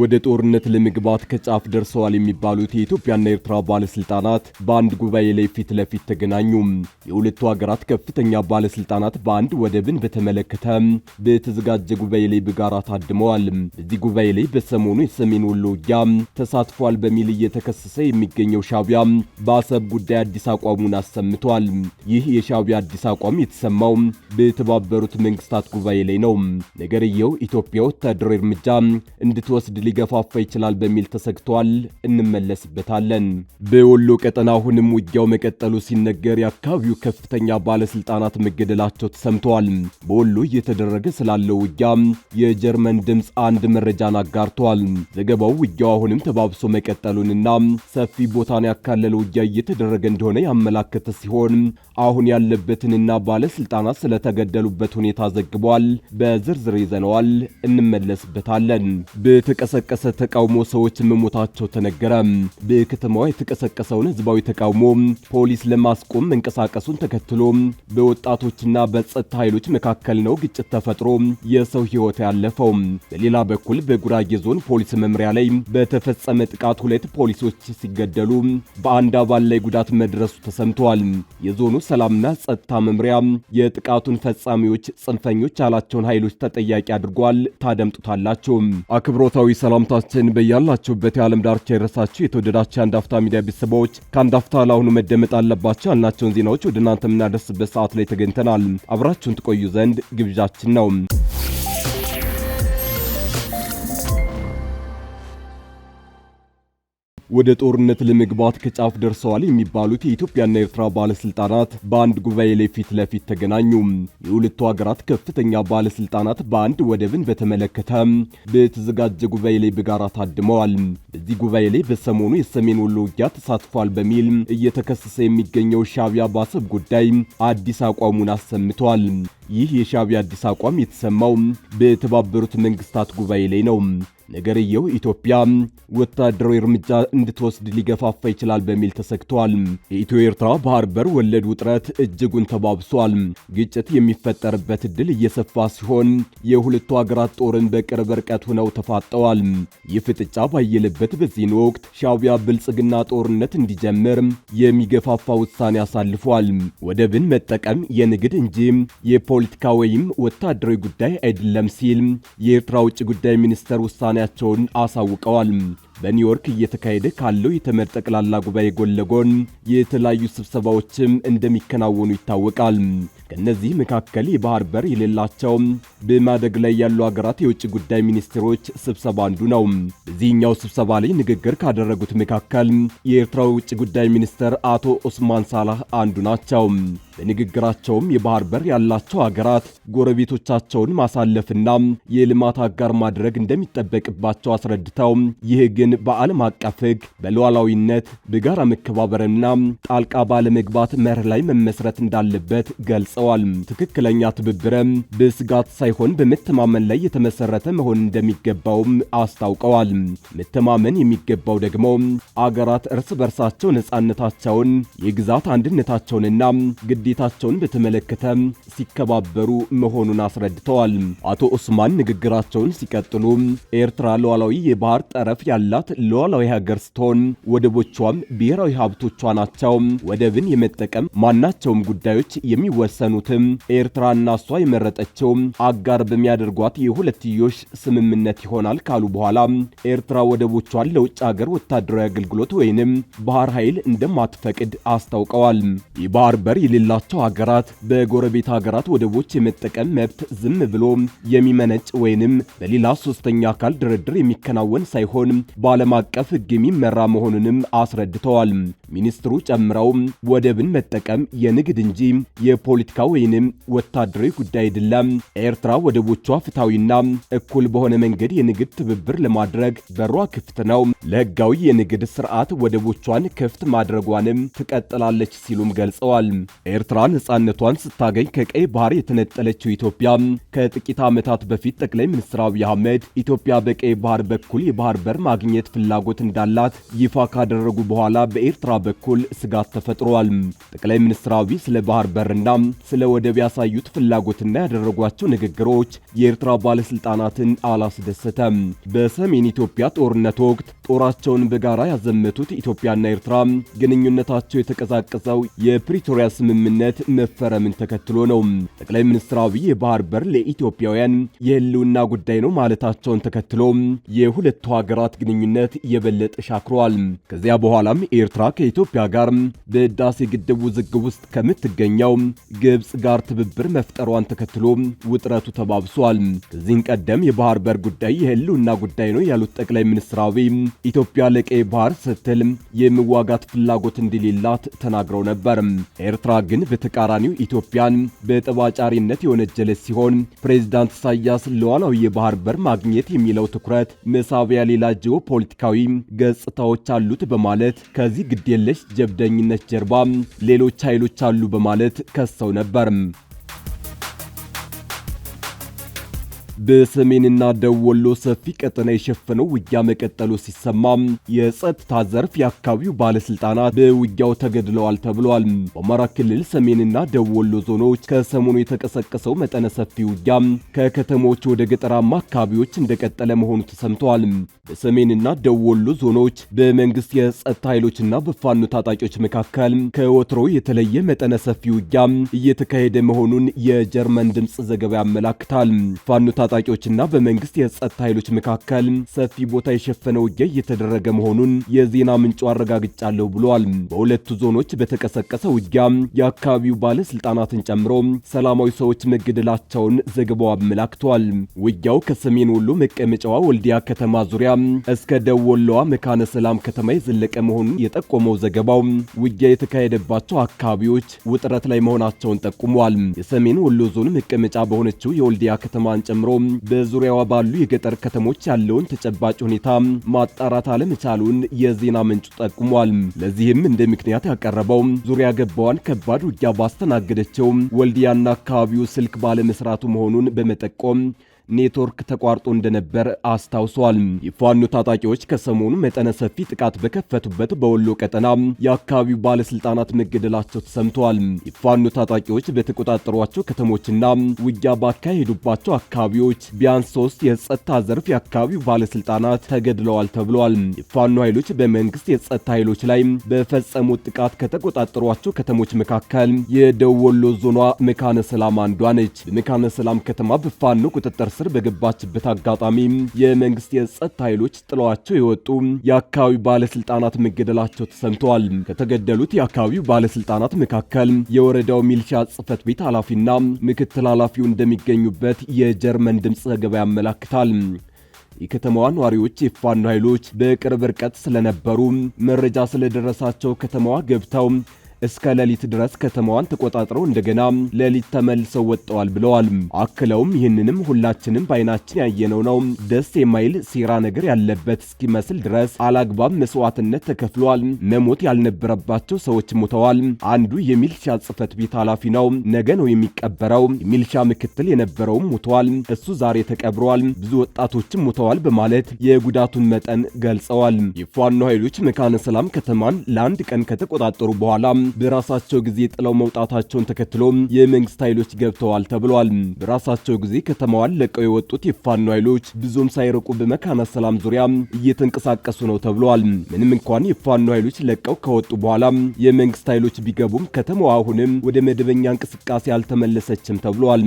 ወደ ጦርነት ለመግባት ከጫፍ ደርሰዋል የሚባሉት የኢትዮጵያና ኤርትራ ባለስልጣናት በአንድ ጉባኤ ላይ ፊት ለፊት ተገናኙ። የሁለቱ ሀገራት ከፍተኛ ባለስልጣናት በአንድ ወደብን በተመለከተ በተዘጋጀ ጉባኤ ላይ በጋራ ታድመዋል። በዚህ ጉባኤ ላይ በሰሞኑ የሰሜን ወሎ ውጊያ ተሳትፏል በሚል እየተከሰሰ የሚገኘው ሻቢያ በአሰብ ጉዳይ አዲስ አቋሙን አሰምቷል። ይህ የሻቢያ አዲስ አቋም የተሰማው በተባበሩት መንግስታት ጉባኤ ላይ ነው። ነገርየው ኢትዮጵያ ወታደራዊ እርምጃ እንድትወስድ ሊገፋፋ ይችላል በሚል ተሰግቷል። እንመለስበታለን። በወሎ ቀጠና አሁንም ውጊያው መቀጠሉ ሲነገር የአካባቢው ከፍተኛ ባለስልጣናት መገደላቸው ተሰምተዋል። በወሎ እየተደረገ ስላለው ውጊያ የጀርመን ድምፅ አንድ መረጃን አጋርተዋል። ዘገባው ውጊያው አሁንም ተባብሶ መቀጠሉንና ሰፊ ቦታን ያካለለ ውጊያ እየተደረገ እንደሆነ ያመላከተ ሲሆን አሁን ያለበትንና ባለስልጣናት ስለተገደሉበት ሁኔታ ዘግቧል። በዝርዝር ይዘነዋል፣ እንመለስበታለን። በተቀሰ በተቀሰቀሰ ተቃውሞ ሰዎች መሞታቸው ተነገረ። በከተማዋ የተቀሰቀሰውን ህዝባዊ ተቃውሞ ፖሊስ ለማስቆም መንቀሳቀሱን ተከትሎ በወጣቶችና በጸጥታ ኃይሎች መካከል ነው ግጭት ተፈጥሮ የሰው ህይወት ያለፈው። በሌላ በኩል በጉራጌ ዞን ፖሊስ መምሪያ ላይ በተፈጸመ ጥቃት ሁለት ፖሊሶች ሲገደሉ በአንድ አባል ላይ ጉዳት መድረሱ ተሰምተዋል። የዞኑ ሰላምና ጸጥታ መምሪያ የጥቃቱን ፈጻሚዎች ጽንፈኞች ያላቸውን ኃይሎች ተጠያቂ አድርጓል። ታደምጡታላችሁ። አክብሮታዊ ሰላምታችን በያላችሁበት የዓለም ዳርቻ የረሳችሁ የተወደዳችሁ አንዳፍታ ሚዲያ ቤተሰቦች ከአንዳፍታ አፍታ ለአሁኑ መደመጥ አለባቸው ያልናቸውን ዜናዎች ወደ እናንተ የምናደርስበት ሰዓት ላይ ተገኝተናል። አብራችሁን ትቆዩ ዘንድ ግብዣችን ነው። ወደ ጦርነት ለመግባት ከጫፍ ደርሰዋል የሚባሉት የኢትዮጵያና የኤርትራ ባለስልጣናት በአንድ ጉባኤ ላይ ፊት ለፊት ተገናኙ። የሁለቱ ሀገራት ከፍተኛ ባለስልጣናት በአንድ ወደብን በተመለከተ በተዘጋጀ ጉባኤ ላይ በጋራ ታድመዋል። በዚህ ጉባኤ ላይ በሰሞኑ የሰሜን ወሎ ውጊያ ተሳትፏል በሚል እየተከሰሰ የሚገኘው ሻቢያ በአሰብ ጉዳይ አዲስ አቋሙን አሰምቷል። ይህ የሻቢያ አዲስ አቋም የተሰማው በተባበሩት መንግስታት ጉባኤ ላይ ነው። ነገርየው ኢትዮጵያ ወታደራዊ እርምጃ እንድትወስድ ሊገፋፋ ይችላል በሚል ተሰግቷል። የኢትዮ ኤርትራ ባህር በር ወለድ ውጥረት እጅጉን ተባብሷል። ግጭት የሚፈጠርበት እድል እየሰፋ ሲሆን የሁለቱ ሀገራት ጦርን በቅርብ ርቀት ሆነው ተፋጠዋል። ይህ ፍጥጫ ባየለበት በዚህን ወቅት ሻዕቢያ ብልጽግና ጦርነት እንዲጀምር የሚገፋፋ ውሳኔ አሳልፏል። ወደብን መጠቀም የንግድ እንጂ የፖለቲካ ወይም ወታደራዊ ጉዳይ አይደለም ሲል የኤርትራ ውጭ ጉዳይ ሚኒስተር ውሳኔ ውሳኔያቸውን አሳውቀዋል። በኒውዮርክ እየተካሄደ ካለው የተመድ ጠቅላላ ጉባኤ ጎን ለጎን የተለያዩ ስብሰባዎችም እንደሚከናወኑ ይታወቃል። ከእነዚህ መካከል የባህር በር የሌላቸው በማደግ ላይ ያሉ ሀገራት የውጭ ጉዳይ ሚኒስትሮች ስብሰባ አንዱ ነው። በዚህኛው ስብሰባ ላይ ንግግር ካደረጉት መካከል የኤርትራው የውጭ ጉዳይ ሚኒስትር አቶ ኦስማን ሳላህ አንዱ ናቸው። በንግግራቸውም የባህር በር ያላቸው ሀገራት ጎረቤቶቻቸውን ማሳለፍና የልማት አጋር ማድረግ እንደሚጠበቅባቸው አስረድተው ይህ ግን ግን በዓለም አቀፍ ሕግ በሉዓላዊነት በጋራ መከባበርና ጣልቃ ባለመግባት መርህ ላይ መመስረት እንዳለበት ገልጸዋል። ትክክለኛ ትብብርም በስጋት ሳይሆን በመተማመን ላይ የተመሰረተ መሆን እንደሚገባውም አስታውቀዋል። መተማመን የሚገባው ደግሞ አገራት እርስ በርሳቸው ነጻነታቸውን፣ የግዛት አንድነታቸውንና ግዴታቸውን በተመለከተ ሲከባበሩ መሆኑን አስረድተዋል። አቶ ኡስማን ንግግራቸውን ሲቀጥሉ ኤርትራ ሉዓላዊ የባህር ጠረፍ ያለ። ያላት ሉዓላዊ ሀገር ስትሆን ወደቦቿም ብሔራዊ ሀብቶቿ ናቸው። ወደብን የመጠቀም ማናቸውም ጉዳዮች የሚወሰኑትም ኤርትራና እሷ የመረጠችው አጋር በሚያደርጓት የሁለትዮሽ ስምምነት ይሆናል ካሉ በኋላ ኤርትራ ወደቦቿን ለውጭ ሀገር ወታደራዊ አገልግሎት ወይንም ባህር ኃይል እንደማትፈቅድ አስታውቀዋል። የባህር በር የሌላቸው ሀገራት በጎረቤት ሀገራት ወደቦች የመጠቀም መብት ዝም ብሎ የሚመነጭ ወይንም በሌላ ሶስተኛ አካል ድርድር የሚከናወን ሳይሆን በዓለም አቀፍ ሕግ የሚመራ መሆኑንም አስረድተዋል። ሚኒስትሩ ጨምረው ወደብን መጠቀም የንግድ እንጂ የፖለቲካ ወይንም ወታደራዊ ጉዳይ አይደለም። ኤርትራ ወደቦቿ ፍትሐዊና እኩል በሆነ መንገድ የንግድ ትብብር ለማድረግ በሯ ክፍት ነው። ለህጋዊ የንግድ ስርዓት ወደቦቿን ክፍት ማድረጓንም ትቀጥላለች ሲሉም ገልጸዋል። ኤርትራ ነጻነቷን ስታገኝ ከቀይ ባህር የተነጠለችው ኢትዮጵያ ከጥቂት ዓመታት በፊት ጠቅላይ ሚኒስትር አብይ አህመድ ኢትዮጵያ በቀይ ባህር በኩል የባህር በር ማግኘት ፍላጎት እንዳላት ይፋ ካደረጉ በኋላ በኤርትራ በኩል ስጋት ተፈጥሯል። ጠቅላይ ሚኒስትር አብይ ስለ ባህር በርና ስለ ወደብ ያሳዩት ፍላጎትና ያደረጓቸው ንግግሮች የኤርትራ ባለስልጣናትን አላስደሰተም። በሰሜን ኢትዮጵያ ጦርነት ወቅት ጦራቸውን በጋራ ያዘመቱት ኢትዮጵያና ኤርትራ ግንኙነታቸው የተቀዛቀዘው የፕሪቶሪያ ስምምነት መፈረምን ተከትሎ ነው። ጠቅላይ ሚኒስትር አብይ የባህር በር ለኢትዮጵያውያን የህልውና ጉዳይ ነው ማለታቸውን ተከትሎ የሁለቱ ሀገራት ግንኙነት የበለጠ ሻክሯል። ከዚያ በኋላም ኤርትራ ከኢትዮጵያ ጋር በህዳሴ ግድብ ውዝግብ ውስጥ ከምትገኘው ግብፅ ጋር ትብብር መፍጠሯን ተከትሎ ውጥረቱ ተባብሷል። ከዚህም ቀደም የባህር በር ጉዳይ የህልውና ጉዳይ ነው ያሉት ጠቅላይ ሚኒስትር አብይ ኢትዮጵያ ለቀይ ባህር ስትል የመዋጋት ፍላጎት እንደሌላት ተናግረው ነበር። ኤርትራ ግን በተቃራኒው ኢትዮጵያን በጠባጫሪነት የወነጀለ ሲሆን ፕሬዚዳንት ኢሳያስ ለዋላዊ የባህር በር ማግኘት የሚለው ትኩረት መሳቢያ ሌላ ጂኦፖለቲካዊ ገጽታዎች አሉት በማለት ከዚህ ግዴ የለሽ ጀብደኝነት ጀርባ ሌሎች ኃይሎች አሉ በማለት ከሰው ነበር። በሰሜንና ደቡብ ወሎ ሰፊ ቀጠና የሸፈነው ውጊያ መቀጠሉ ሲሰማም የጸጥታ ዘርፍ የአካባቢው ባለስልጣናት በውጊያው ተገድለዋል ተብሏል። በአማራ ክልል ሰሜንና ደቡብ ወሎ ዞኖች ከሰሞኑ የተቀሰቀሰው መጠነ ሰፊ ውጊያ ከከተሞች ወደ ገጠራማ አካባቢዎች እንደቀጠለ መሆኑ ተሰምተዋል። በሰሜንና ደቡብ ወሎ ዞኖች በመንግስት የጸጥታ ኃይሎችና በፋኖ ታጣቂዎች መካከል ከወትሮ የተለየ መጠነ ሰፊ ውጊያ እየተካሄደ መሆኑን የጀርመን ድምፅ ዘገባ ያመላክታል። ፋኖ ታጣቂዎችና በመንግስት የጸጥታ ኃይሎች መካከል ሰፊ ቦታ የሸፈነ ውጊያ እየተደረገ መሆኑን የዜና ምንጩ አረጋግጫለሁ ብለዋል። በሁለቱ ዞኖች በተቀሰቀሰ ውጊያ የአካባቢው ባለስልጣናትን ጨምሮ ሰላማዊ ሰዎች መገደላቸውን ዘገባው አመላክቷል። ውጊያው ከሰሜን ወሎ መቀመጫዋ ወልዲያ ከተማ ዙሪያ እስከ ደቡብ ወሎዋ መካነ ሰላም ከተማ የዘለቀ መሆኑን የጠቆመው ዘገባው ውጊያ የተካሄደባቸው አካባቢዎች ውጥረት ላይ መሆናቸውን ጠቁመዋል። የሰሜን ወሎ ዞን መቀመጫ በሆነችው የወልዲያ ከተማን ጨምሮ በዙሪያዋ ባሉ የገጠር ከተሞች ያለውን ተጨባጭ ሁኔታ ማጣራት አለመቻሉን የዜና ምንጩ ጠቁሟል። ለዚህም እንደ ምክንያት ያቀረበው ዙሪያ ገባዋን ከባድ ውጊያ ባስተናገደችው ወልዲያና አካባቢው ስልክ ባለመስራቱ መሆኑን በመጠቆም ኔትወርክ ተቋርጦ እንደነበር አስታውሷል። የፋኖ ታጣቂዎች ከሰሞኑ መጠነ ሰፊ ጥቃት በከፈቱበት በወሎ ቀጠና የአካባቢው ባለስልጣናት መገደላቸው ተሰምተዋል። የፋኖ ታጣቂዎች በተቆጣጠሯቸው ከተሞችና ውጊያ ባካሄዱባቸው አካባቢዎች ቢያንስ ሶስት የጸጥታ ዘርፍ የአካባቢው ባለስልጣናት ተገድለዋል ተብሏል። የፋኖ ኃይሎች በመንግስት የጸጥታ ኃይሎች ላይ በፈጸሙት ጥቃት ከተቆጣጠሯቸው ከተሞች መካከል የደቡብ ወሎ ዞኗ መካነ ሰላም አንዷ ነች። በመካነ ሰላም ከተማ በፋኖ ቁጥጥር ስር በገባችበት አጋጣሚ የመንግስት የጸጥታ ኃይሎች ጥለዋቸው የወጡ የአካባቢው ባለስልጣናት መገደላቸው ተሰምተዋል። ከተገደሉት የአካባቢው ባለስልጣናት መካከል የወረዳው ሚልሻ ጽህፈት ቤት ኃላፊና ምክትል ኃላፊው እንደሚገኙበት የጀርመን ድምፅ ዘገባ ያመላክታል። የከተማዋ ነዋሪዎች የፋኖ ኃይሎች በቅርብ ርቀት ስለነበሩ መረጃ ስለደረሳቸው ከተማዋ ገብተው እስከ ሌሊት ድረስ ከተማዋን ተቆጣጥረው እንደገና ሌሊት ተመልሰው ወጥተዋል ብለዋል። አክለውም ይህንንም ሁላችንም በአይናችን ያየነው ነው። ደስ የማይል ሴራ ነገር ያለበት እስኪመስል ድረስ አላግባብ መስዋዕትነት ተከፍሏል። መሞት ያልነበረባቸው ሰዎች ሞተዋል። አንዱ የሚልሻ ጽህፈት ቤት ኃላፊ ነው። ነገ ነው የሚቀበረው። የሚልሻ ምክትል የነበረውም ሞተዋል። እሱ ዛሬ ተቀብሯል። ብዙ ወጣቶችም ሞተዋል በማለት የጉዳቱን መጠን ገልጸዋል። የፋኖ ኃይሎች መካነ ሰላም ከተማን ለአንድ ቀን ከተቆጣጠሩ በኋላ በራሳቸው ጊዜ ጥለው መውጣታቸውን ተከትሎ የመንግስት ኃይሎች ገብተዋል ተብሏል። በራሳቸው ጊዜ ከተማዋን ለቀው የወጡት የፋኖ ኃይሎች ብዙም ሳይርቁ በመካነ ሰላም ዙሪያ እየተንቀሳቀሱ ነው ተብሏል። ምንም እንኳን የፋኖ ኃይሎች ለቀው ከወጡ በኋላ የመንግስት ኃይሎች ቢገቡም ከተማዋ አሁንም ወደ መደበኛ እንቅስቃሴ አልተመለሰችም ተብሏል።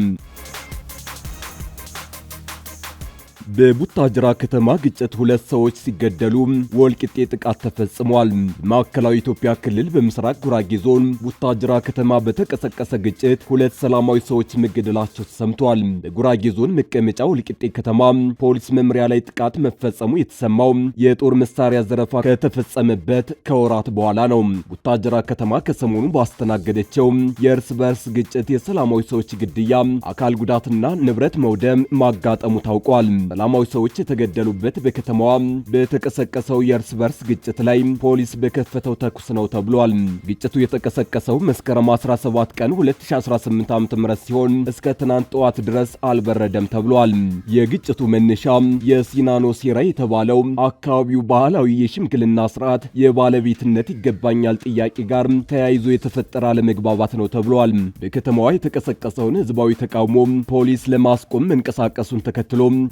በቡታጅራ ከተማ ግጭት ሁለት ሰዎች ሲገደሉ ወልቂጤ ጥቃት ተፈጽሟል። ማዕከላዊ ኢትዮጵያ ክልል በምስራቅ ጉራጌ ዞን ቡታጅራ ከተማ በተቀሰቀሰ ግጭት ሁለት ሰላማዊ ሰዎች መገደላቸው ተሰምቷል። በጉራጌ ዞን መቀመጫ ወልቂጤ ከተማ ፖሊስ መምሪያ ላይ ጥቃት መፈጸሙ የተሰማው የጦር መሳሪያ ዘረፋ ከተፈጸመበት ከወራት በኋላ ነው። ቡታጅራ ከተማ ከሰሞኑ ባስተናገደቸው የእርስ በእርስ ግጭት የሰላማዊ ሰዎች ግድያ፣ አካል ጉዳትና ንብረት መውደም ማጋጠሙ ታውቋል። ሰላማዊ ሰዎች የተገደሉበት በከተማዋ በተቀሰቀሰው የእርስ በርስ ግጭት ላይ ፖሊስ በከፈተው ተኩስ ነው ተብሏል። ግጭቱ የተቀሰቀሰው መስከረም 17 ቀን 2018 ዓ.ም ሲሆን እስከ ትናንት ጠዋት ድረስ አልበረደም ተብሏል። የግጭቱ መነሻ የሲናኖ ሴራ የተባለው አካባቢው ባህላዊ የሽምግልና ስርዓት የባለቤትነት ይገባኛል ጥያቄ ጋር ተያይዞ የተፈጠረ አለመግባባት ነው ተብሏል። በከተማዋ የተቀሰቀሰውን ህዝባዊ ተቃውሞ ፖሊስ ለማስቆም መንቀሳቀሱን ተከትሎ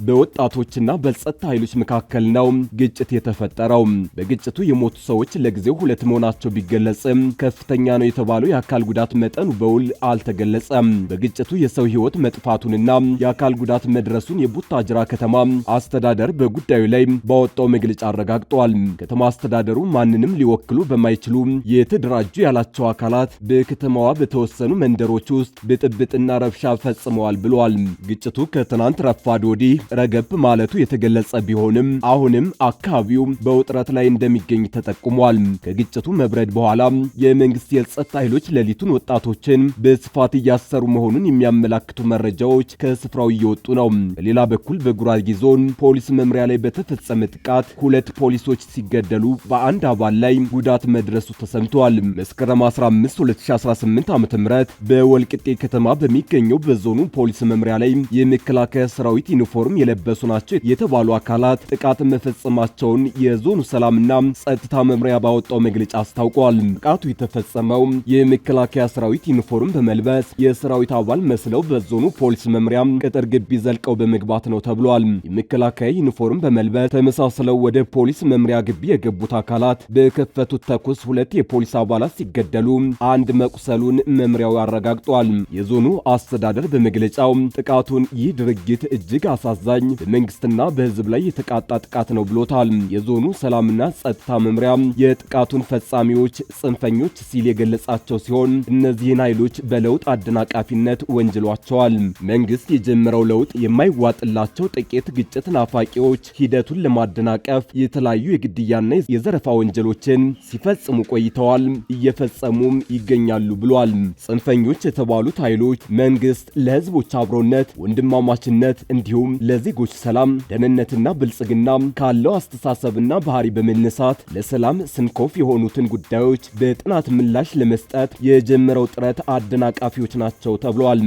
በወጣ ወጣቶችና በጸጥታ ኃይሎች መካከል ነው ግጭት የተፈጠረው። በግጭቱ የሞቱ ሰዎች ለጊዜው ሁለት መሆናቸው ቢገለጽም ከፍተኛ ነው የተባለው የአካል ጉዳት መጠኑ በውል አልተገለጸም። በግጭቱ የሰው ሕይወት መጥፋቱንና የአካል ጉዳት መድረሱን የቡታጅራ ከተማ አስተዳደር በጉዳዩ ላይ ባወጣው መግለጫ አረጋግጧል። ከተማ አስተዳደሩ ማንንም ሊወክሉ በማይችሉ የተደራጁ ያላቸው አካላት በከተማዋ በተወሰኑ መንደሮች ውስጥ ብጥብጥና ረብሻ ፈጽመዋል ብሏል። ግጭቱ ከትናንት ረፋድ ወዲህ ረገ ገብ ማለቱ የተገለጸ ቢሆንም አሁንም አካባቢው በውጥረት ላይ እንደሚገኝ ተጠቁሟል። ከግጭቱ መብረድ በኋላ የመንግስት የጸጥታ ኃይሎች ሌሊቱን ወጣቶችን በስፋት እያሰሩ መሆኑን የሚያመላክቱ መረጃዎች ከስፍራው እየወጡ ነው። በሌላ በኩል በጉራጌ ዞን ፖሊስ መምሪያ ላይ በተፈጸመ ጥቃት ሁለት ፖሊሶች ሲገደሉ በአንድ አባል ላይ ጉዳት መድረሱ ተሰምቷል። መስከረም 15 2018 ዓ.ም በወልቅጤ ከተማ በሚገኘው በዞኑ ፖሊስ መምሪያ ላይ የመከላከያ ሰራዊት ዩኒፎርም የለበ የለበሱ ናቸው የተባሉ አካላት ጥቃት መፈጸማቸውን የዞኑ ሰላምና ጸጥታ መምሪያ ባወጣው መግለጫ አስታውቋል። ጥቃቱ የተፈጸመው የመከላከያ ሰራዊት ዩኒፎርም በመልበስ የሰራዊት አባል መስለው በዞኑ ፖሊስ መምሪያ ቅጥር ግቢ ዘልቀው በመግባት ነው ተብሏል። የመከላከያ ዩኒፎርም በመልበስ ተመሳስለው ወደ ፖሊስ መምሪያ ግቢ የገቡት አካላት በከፈቱት ተኩስ ሁለት የፖሊስ አባላት ሲገደሉ አንድ መቁሰሉን መምሪያው አረጋግጧል። የዞኑ አስተዳደር በመግለጫው ጥቃቱን ይህ ድርጊት እጅግ አሳዛኝ በመንግስትና በህዝብ ላይ የተቃጣ ጥቃት ነው ብሎታል። የዞኑ ሰላምና ጸጥታ መምሪያ የጥቃቱን ፈጻሚዎች ጽንፈኞች ሲል የገለጻቸው ሲሆን እነዚህን ኃይሎች በለውጥ አደናቃፊነት ወንጅሏቸዋል። መንግስት የጀመረው ለውጥ የማይዋጥላቸው ጥቂት ግጭት ናፋቂዎች ሂደቱን ለማደናቀፍ የተለያዩ የግድያና የዘረፋ ወንጀሎችን ሲፈጽሙ ቆይተዋል፣ እየፈጸሙም ይገኛሉ ብሏል። ጽንፈኞች የተባሉት ኃይሎች መንግስት ለህዝቦች አብሮነት፣ ወንድማማችነት እንዲሁም ለዜጎች ለሰዎች ሰላም፣ ደህንነትና ብልጽግና ካለው አስተሳሰብና ባህሪ በመነሳት ለሰላም ስንኮፍ የሆኑትን ጉዳዮች በጥናት ምላሽ ለመስጠት የጀመረው ጥረት አደናቃፊዎች ናቸው ተብሏል።